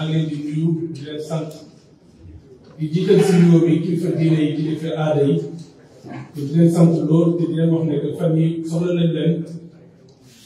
maa ngi leen di nuyu di leen sant di jiital si nuyoo bi kilifa diine yi kilifa aada yi te di leen sant lool te di leen wax ne que fan yi soxla nañ leen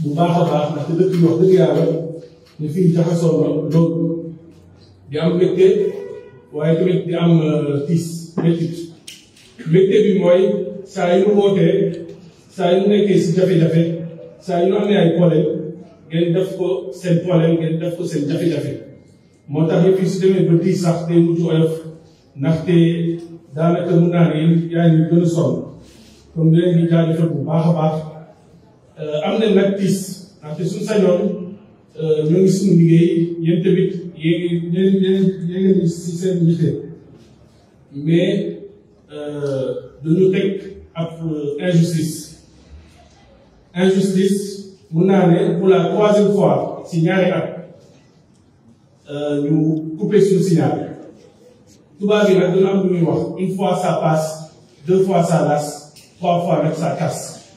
bu baax a baax ndax dëkk yi wax dëgg yàlla ne fii jaxasoo na lool di am mbégte waaye tamit di am euh, tiis métit mbégte bi mooy saa yu nu wootee saa yu nu nekkee si jafe-jafe saa yu nu amee ay problème ngeen def ko seen problème ngeen def ko seen jafe-jafe moo tax yëpp si demee ba diis sax tey mujj oyof ndaxte daanaka mun naa ne yaa ngi gën sonn kon leen ngi jaajëfal bu baax a baax euh, am na nag tiis ndaxte suñ sañoon euh, ñu ngi suñu liggéey yéen tamit yéen ngi yéen ngi si seen yitte mais euh, dañu teg ab injustice injustice mun naa ne pour la troisième fois si ñaari at Euh, ñu couper suñu signal tubaab yi nag dana am lu ñuy wax une fois ça passe deux fois ça lasse trois fois nag ça casse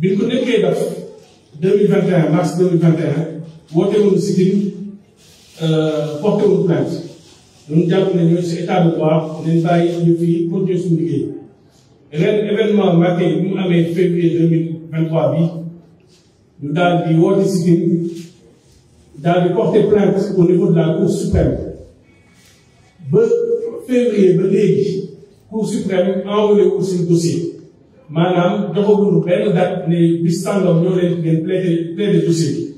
bi ñu ko nekkee def deux mille vingt et un mars deux mille vingt et un woote woon si euh, porté woon plainte ñun jàpp ne ñooy si état de droit nañ bàyyi ñu fi liggéey événement marqué mu amee février deux mille vingt trois bi ñu daal di woote si daal di porter au niveau de la cour suprême ba février ba léegi cour suprême enrôlé wu si dossier maanaam joxagul benn date ne bis sàngam ñoo leen ngeen plaidé plaidé dossier bi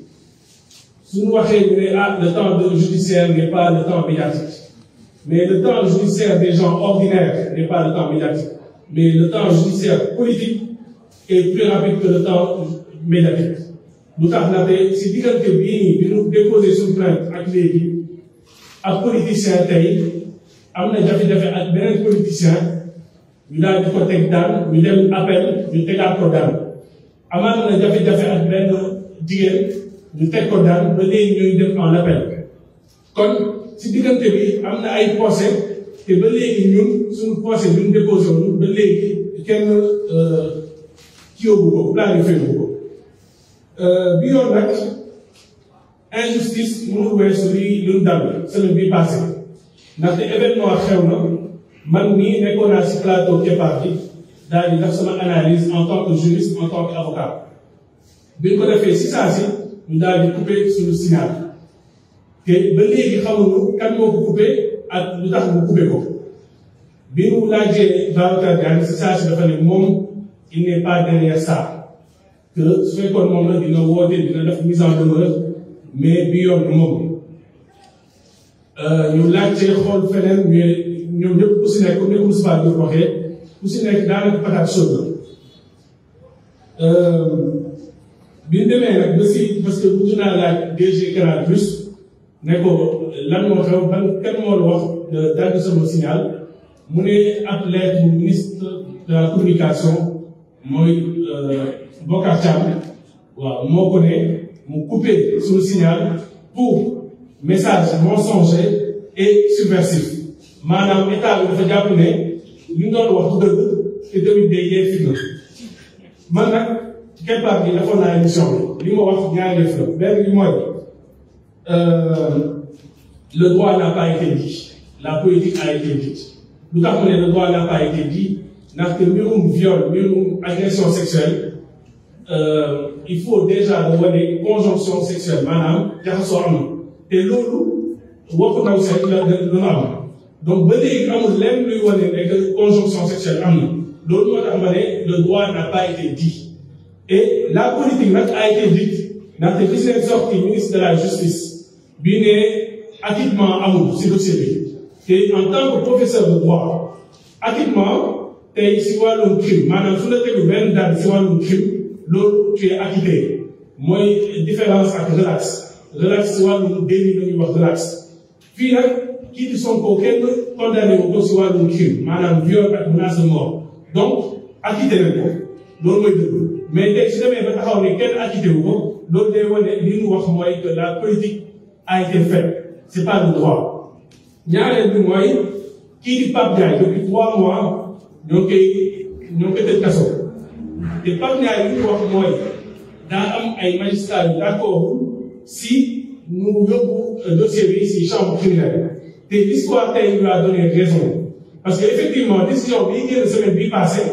suñu waxee ñu ne ah le temps de judiciaire n'est pas le temps médiatique mais le temps judiciaire des gens ordinaires n'est pas le temps médiatique mais le temps judiciaire politique est plus rapide que le temps médiatique lu tax na tey si diggante bii nii bi ñu déposé suñu ak léegi ak politicien tey am na jafe-jafe ak beneen politicien ñu daal di ko teg daan ñu dem appel ñu tegaat ko daan amaat na jafe-jafe ak benn jigéen ñu teg ko daan ba léegi ñuy dem en appel kon si diggante bi am na ay procès te ba léegi ñun suñu procès bi ñu déposé woon ba léegi kenn euh, kii yóbbu ko planifié wu ko. Euh, bi yoon injustice mënul weesu lii luñ dal semaine bi passé ndaxte événement xew na man mii nekkoon naa si plateau keppaar bi daal di def analyse en tant que en tant avocat bi ko defee si saa si ñu daal di coupé suñu ba léegi xamuñu kan moo ko coupé ak lu tax mu coupé ko bi mu laajee Babacar Diagne si saa dafa ne moom il n'est pas derrière que su fekkoon moom la dina woote dina def mise en demeure mais bi yoon du moom euh, ñu laajtee xool feneen ñoom ñëpp ku si nekk comme ni si nekk daanaka patate chaude euh, bi ñu lan moo xew ban kan moo la wax dagg sama signal mu ne ab lettre ministre de communication mooy. Euh, Bokar Thiam waaw moo ko ne mu couper suñu signal pour message mensonger et subversif maanaam état bi dafa jàpp ne li nga doon wax du dëgg te tamit day yee fitna man nag ci keppaar bi defoon naa émission li ma wax ñaari def la benn bi mooy euh, le droit n'a pas été dit la politique a été dite lu tax mu ne le droit n'a pas été dit ndaxte mbirum viol mbirum agression sexuelle Euh, il faut déjà nga wane conjonction sexuelle maanaam jaxasoo am te loolu waxu ndaw seet la dana donc ba amul lenn luy wane ne conjonction sexuelle am loolu moo tax ne le droit n'a pas été dit la politique nag a été dite ndaxte gis nañ ministre de la justice bi ne acquittement amul si dossier bi te en tant que professeur de droit tey si wàllum crime maanaam su la tegu benn date si wàllum crime loolu tu es acquitté mooy différence ak relax relax si wàllum délit la ñuy wax relax fii nag kii di kenn condamné wu ko si wàllum crime maanaam viol ak menace de mort donc acquitté nañ ko loolu mooy dëgg mais tey su demee ba taxaw ne kenn acquitté wu ko loolu day wane li ñu wax mooy que la politique a été faite c'est pas le droit ñaareel bi mooy kii di Pape Ndiaye depuis trois mois ñoo koy ñoo koy tëj kaso te Pape Ndiaye li mu wax mooy daa ay magistrats yu d'accord si ñu yóbbu dossier si chambre criminelle te l'histoire tey lui a donné raison parce que effectivement décision bi génn semaine bi passée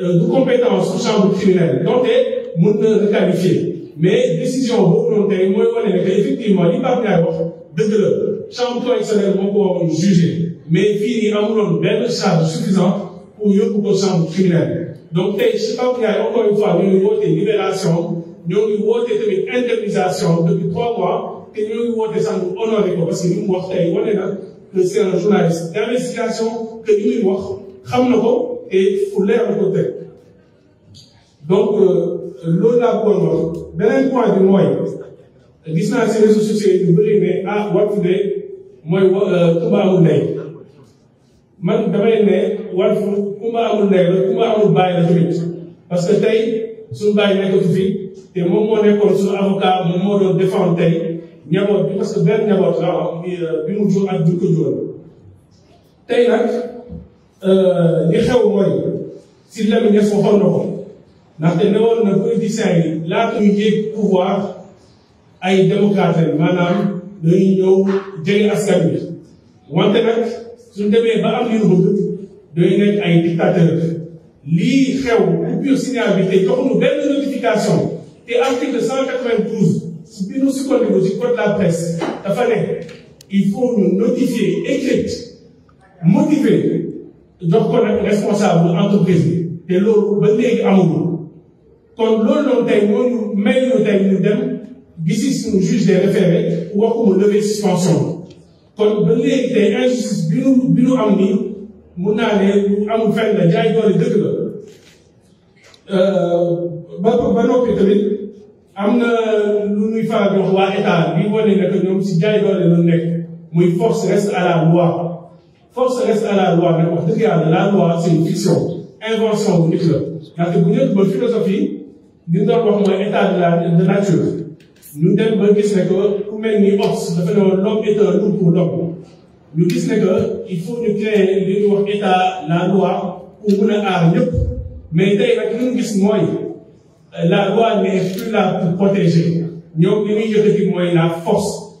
euh, compétence su chambre criminelle donte mën na requalifier mais décision boobu noonu tey mooy wane effectivement li Pape Ndiaye wax dëgg la chambre correctionnelle moo jugé mais fii nii amuloon benn charge suffisante pour yóbbu ko chambre donc tey je pense que encore une fois ñoo ngi woote libération ñoo ngi woote tamit indemnisation depuis trois mois te ñoo ngi woote sànq honoré ko parce que li mu wax tey wane na que c'est un journaliste d'investigation que li muy wax xam na ko et fu leer la ko donc euh, loolu laa bëggoon beneen point bi mooy gis naa si réseaux sociaux yi ñu bëri ne ah wàccu de mooy wa euh, Touba Moundé. man damay ne war fu ku ma amul ndey bàyyi la tamit parce que tey suñu bàyyi nekkatu fi te moom moo nekkoon suñu avocat moom moo doon défendre tey njaboot bi que benn euh, mu jur ak bi ko jur tey nag euh, li xew mooy si lami ñes waxoon na ko ndaxte ne woon na politiciens yi laata ñu yéeg pouvoir ay démocrate maanaam dañuy ñëw jëli askan bi wante nag suñ demee ba am li ñu bëgg doy nañ dictateur lii xew coupure signal bi te joxuñu benn notification te article cent quatre-vingt-douze si bi ñu sukkandiku ci code de la presse dafa ne il faut ñu notifier écrite motiver jox ko responsable entreprise bi te loolu ba léegi amul kon loolu noonu tey moo ñu may ñu tey dem gisi suñu juge des référés wax ko mu lever suspension kon ba léegi tey injustice bi nu am nii mun naa am fenn la jaay doole dëgg la euh, ba am na lu ñuy faral di wax waa état bi wane ne que ñoom si jaay doole la nekk muy force reste à la loi force reste à la loi nag wax dëgg yàlla la loi c'est une fiction invention bu nit la ndaxte bu njëkk ba philosophie li ñu doon wax mooy état de nature. ñu dem ba gis ne que ku mel ni Hobbes dafa ne woon l'homme est un loup pour gis ne que il faut ñu créer li ñuy wax la loi pour mun a aar ñëpp mais tey nag li gis mooy la loi n'est plus là pour protéger ñoom li ñuy yëkkati mooy la force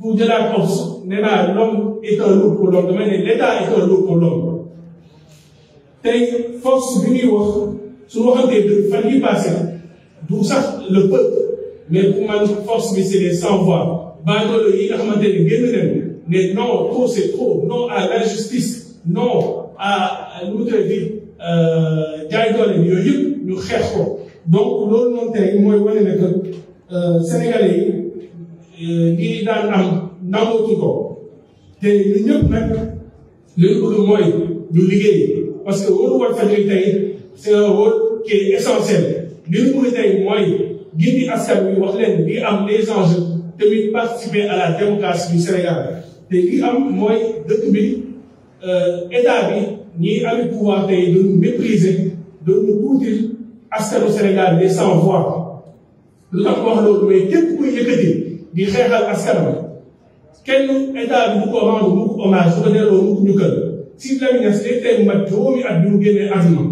pour de la force naa l'homme est un loup pour l'homme dama ne l'état est tey force bi ñuy wax su waxantee dëgg fan yi passé du sax le mais pour man force bi c'est les sans voix baadoolo yi nga xamante ne génn leen ne non trop c'est trop non à l'injustice non à lu mu tëdd di euh, jaay xeex ko donc loolu noonu tey mooy wane ne que euh, Sénégalais yi lii euh, daan am nangutu ko te ñun ñëpp nag li ñu bëgg mooy liggéey parce que wóolu Walfadjri tey c'est un rôle qui est essentiel tey mooy. gii di askan wi wax leen li am les enjeux tamit participer à la démocratie du Sénégal te li am mooy dëkk bi euh, état bi ñi amee pouvoir tey dañu mépriser dañu tuuti askanu Sénégal des sans voix lu tax wax loolu mais képp kuy yëkkati di xeexal askan wi kenn état bi bu ko rendre mu ko hommage su ko delloo mu ko njukkal si Lamine Niass day tey mat juróomi at bi mu génnee àdduna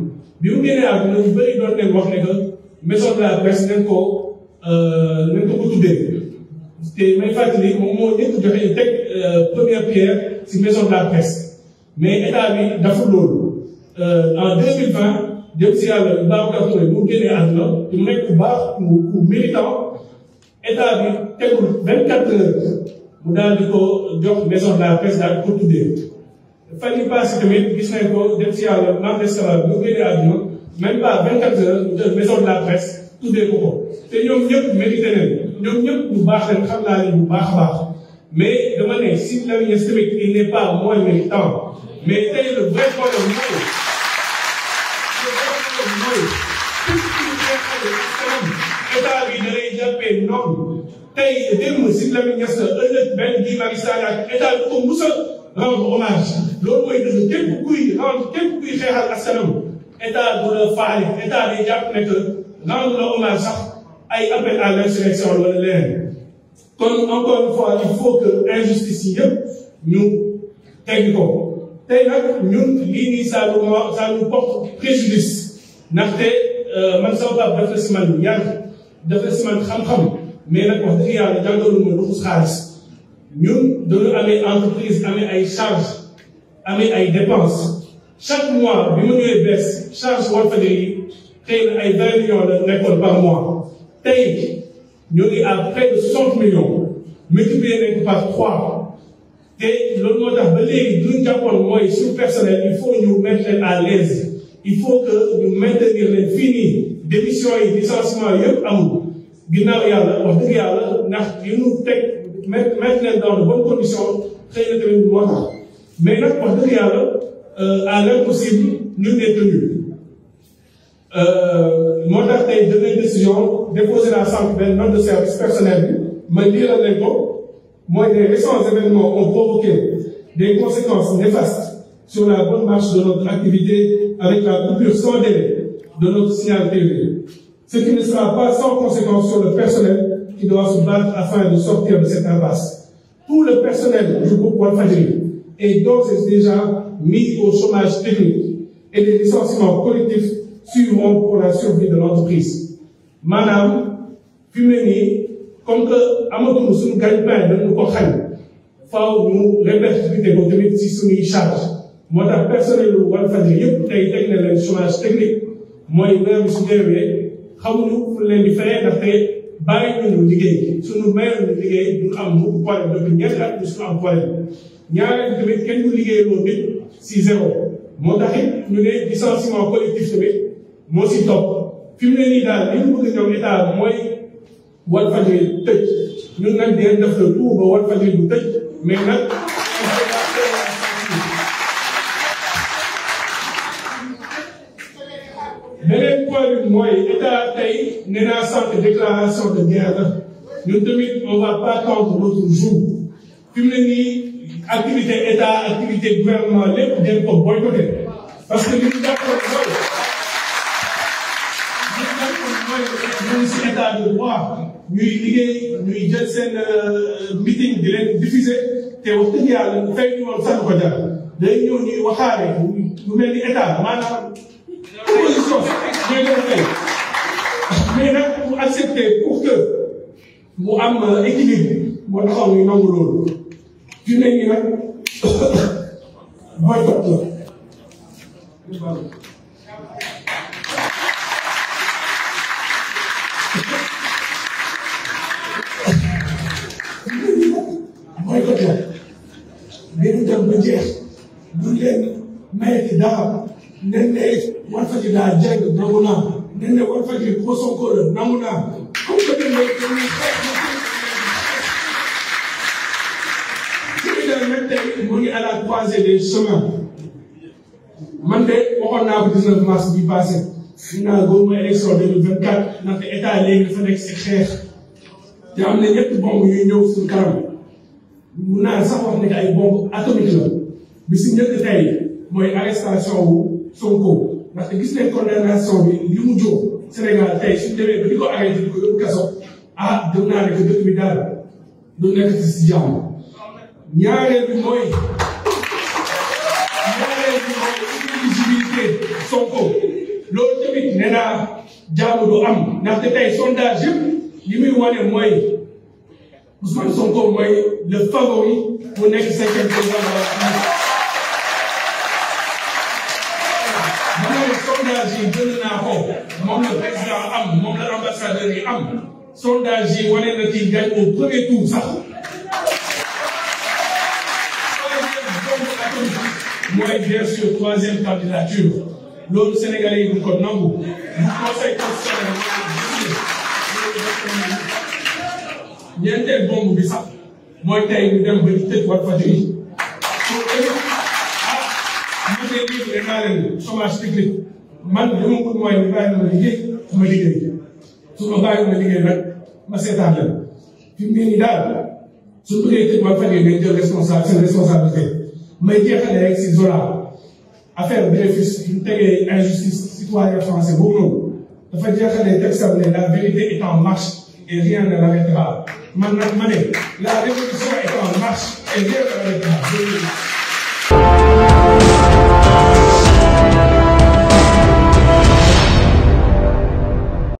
bi mu génnee àdduna ñu bëri doon leen wax ne que maison de la presse ko euh, nañ ko ko tuddee te may fàttali moom moo njëkk joxe teg euh, première pierre si maison de la presse mais état bi dafa loolu euh, en deux mille vingt jëm si yàlla Babacar Touré mu génnee àdduna te ku baax ku ku militant tegul vingt quatre heures daal di ko jox maison de daal di tuddee fan yi passé tamit gis nañ ko jëm si yàlla Mame Less Savané mu génnee même pas 24 heures la presse tuddee ko ko te ñoom ñëpp mérité nañ ñoom ñëpp baax leen xam naa ne baax baax mais dama ne si la ñu pas moins méritant mais tey le vrai problème mooy le vrai problème mooy tout état bi da lay jàppee la ñu ñes ëllëg benn bi Macky Sall ak état bi ko musal rendre hommage loolu mooy dëgg képp kuy rendre état bu la faale état bi jàpp ne que la hommage sax ay appel à l'insurrection wala leneen kon encore une fois il faut que injustice ñu tegg ko nag ñun lii nii ça nous ça nous porte euh, man sama papa dafa si man yàgg dafa si man xam-xam mais nag wax dëgg yàlla jàngalu ma luxus xaalis ñun dañu amee entreprise ay charges amee ay dépenses. chaque mois bi ma ñëwee bees charge Walfadjri yi xëy na ay vingt millions la par mois tey ñoo ngi à près de soixante millions multiplié par trois te loolu moo tax ba léegi duñ jàppoon personnel il faut ñu mettre à l'aise il faut que ñu maintenir leen fii nii démission yi licenciement yëpp amul ginnaaw yàlla wax dëgg yàlla ndax yu ñu teg dans de bonnes conditions xëy na tamit mais nag wax dëgg Euh, à l'impossible nul n'est tenu moo tax tey danañ décision déposer naa sànq benn note de service personnel bi ma a leen ko mooy des récents événements ont provoqué des conséquences néfastes sur la bonne marche de notre activité avec la coupure sans délai de notre signal TV ce qui ne sera pas sans conséquence sur le personnel qui doit se afin de sortir de cette impasse tout le personnel du groupe Walfadjri est d'ores et déjà mis au chômage technique et des licenciements collectifs suivront pour la survie de l'entreprise maanaam fi mu ne nii comme que amatuñu su gagne-pain dañu ko xañ faaw ñu répercuter ko tamit ci suñuy charge moo tax personnel lu Walfadjri yëpp tey teg na leen chômage technique mooy weer bi su deewee xamuñu fu leen di fayee ndaxte bàyyi ñu liggéey suñu mayoon liggéey du am mu problème depuis ñetti at ñu suñu am problème ñaareel bi tamit kenn du liggéeyaloo nit si zéro moo tax it ne licenciement collectif tamit moo si topp fi mu ne nii daal li ñu bëgg ñoom état mooy Walfadjri tëj ñun nag dinañ def le tout ba Walfadjri du tëj mais nag. beneen tey nee naa sànq déclaration de guerre la ñun tamit on va pas attendre l'autre jour fi ne nii. activité état activité gouvernement lépp ngeen ko boycotté parce que li ñu jàppoon mooy li ñu jàppoon mooy si état de droit ñuy liggéey ñuy jël seen euh, meeting di leen diffuser te wax dëgg yàlla bu fekk ñu woon waxaare lu mel ni état maanaam opposition ñooy doon tey mais nag mu accepter pour que mu euh, fi ne nii nag mooy topp la. mooy topp la. ngeen dem ba jeex du leen maye ci dara nen ne Walfadjri daa jàng nangu naa nen ne Walfadjri poson ko la nangu naa. tey mu ngi à la croisée man de waxoon naa ko 19 mars bi passé fii naa góob mooy élection 2024 ndaxte état léegi dafa nekk si te am na ñetti bomb yuy ñëw suñu kanam mun naa sax wax ne ay bomb atomique la bi si njëkk tey mooy arrestation wu Sonko ndaxte gis nañ condamnation bi li mu Sénégal tey suñu demee ba di ko arrêté di ko yóbbu kaso ah gëm naa ne dëkk bi daal du nekk ci si jàmm. ñaareel mooy ñaareel bi mooy inéligibilité Sonko loolu tamit nee naa jaamu du am ndaxte tey sondage yëpp li muy wane mooy Ousmane Sonko mooy le favori mu nekk cinquième président de la République. ma ne sondage naa ko moom la président am moom la ambassadeur am sondage yi wane na ci gañ au premier mooy bien sûr troisième candidature loolu Sénégalais yi duñ ko nangu bu conseil constitutionnel ñeenteel bomb bi sax mooy tey ñu dem ba ñu tëj Walfadjri léegi naa leen chômage technique man li ma bëgg mooy ñu bàyyi ma liggéey ma liggéey su ma bàyyi ma liggéey nag ma seetaan leen fi mu ne nii daal su bëggee tëj Walfadjri ngay jël responsable seen responsabilité may jeexalee rek si Zola affaire bénéfice yu tegee injustice citoyen français boobu noonu dafa jeexalee texam ne la vérité est en marche et rien ne l'arrêtera man nag ma ne la révolution est en marche et rien ne l'arrêtera